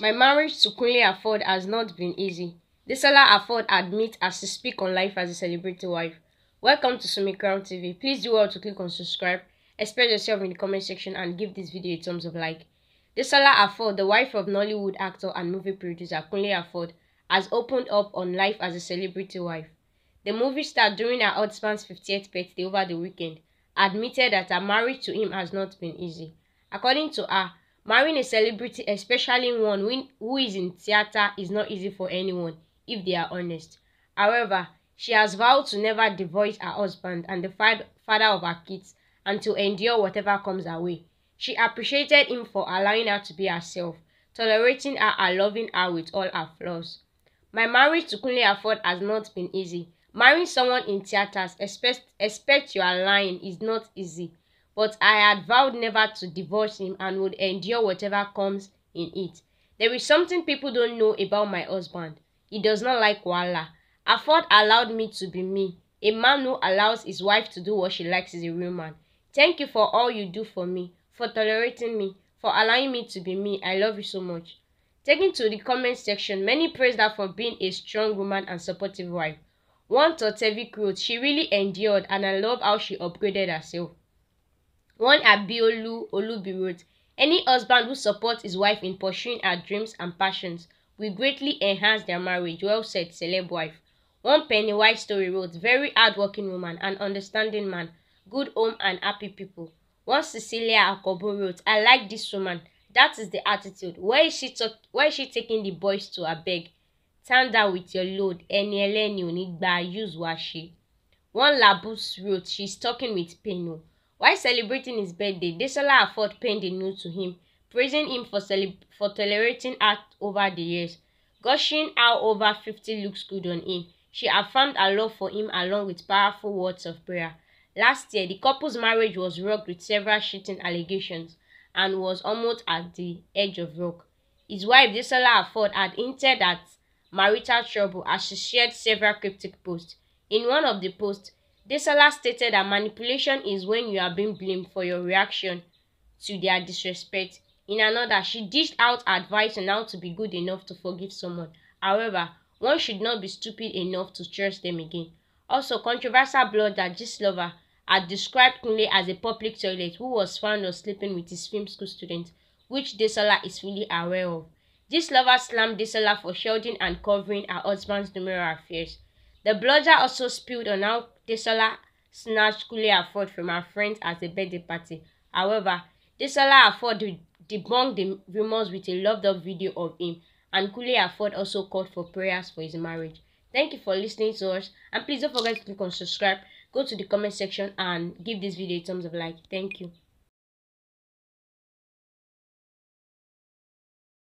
My marriage to Kunle Afford has not been easy. Desola Afford admits as she speak on life as a celebrity wife. Welcome to Sumi Crown TV. Please do well to click on subscribe, express yourself in the comment section and give this video a thumbs up like. Desola Afford, the wife of Nollywood actor and movie producer Kunle Afford, has opened up on life as a celebrity wife. The movie star during her husband's 50th birthday over the weekend admitted that her marriage to him has not been easy. According to her, Marrying a celebrity, especially one who is in theater, is not easy for anyone, if they are honest. However, she has vowed to never divorce her husband and the father of her kids and to endure whatever comes her way. She appreciated him for allowing her to be herself, tolerating her and loving her with all her flaws. My marriage to Kunle Afod has not been easy. Marrying someone in theaters, expect, expect you are lying, is not easy. But I had vowed never to divorce him and would endure whatever comes in it. There is something people don't know about my husband. He does not like wahala. Afford allowed me to be me. A man who allows his wife to do what she likes is a real man. Thank you for all you do for me, for tolerating me, for allowing me to be me. I love you so much. Taking to the comment section, many praised her for being a strong woman and supportive wife. One thought Totevik wrote, She really endured and I love how she upgraded herself. One Abiolu Olubi wrote, Any husband who supports his wife in pursuing her dreams and passions will greatly enhance their marriage. Well said, celeb wife. One Pennywise story wrote, Very hardworking woman and understanding man, good home and happy people. One Cecilia Akobo wrote, I like this woman. That is the attitude. Why is she talk why is she taking the boys to her beg? Stand down with your load. Ẹni ẹlẹ́ni ò ní gba use wa ṣe. One Labus wrote, She's talking with pain o. While celebrating his birthday, Desola Afford penned a note to him, praising him for, cele for tolerating her over the years. Gushing out over 50 looks good on him, she affirmed her love for him along with powerful words of prayer. Last year, the couple's marriage was rocked with several cheating allegations and was almost at the edge of rock. His wife, Desola Afford, had hinted at marital trouble as she shared several cryptic posts. In one of the posts, Desola stated that manipulation is when you are being blamed for your reaction to their disrespect. In another, she dished out advice on how to be good enough to forgive someone. However, one should not be stupid enough to trust them again. Also, controversial blogger Gislover had described Kunle as a public toilet who was found was sleeping with his film school student, which Desola is fully aware of. Gislover slammed Desola for shielding and covering her husband's numerous affairs. The blogger also spilled on how Desola snatched Kule Afford from her friends at a birthday party. However, Desola Afford debunked the rumors with a loved-up video of him, and Kule Afford also called for prayers for his marriage. Thank you for listening to us, and please don't forget to click on subscribe, go to the comment section, and give this video a thumbs up like. Thank you.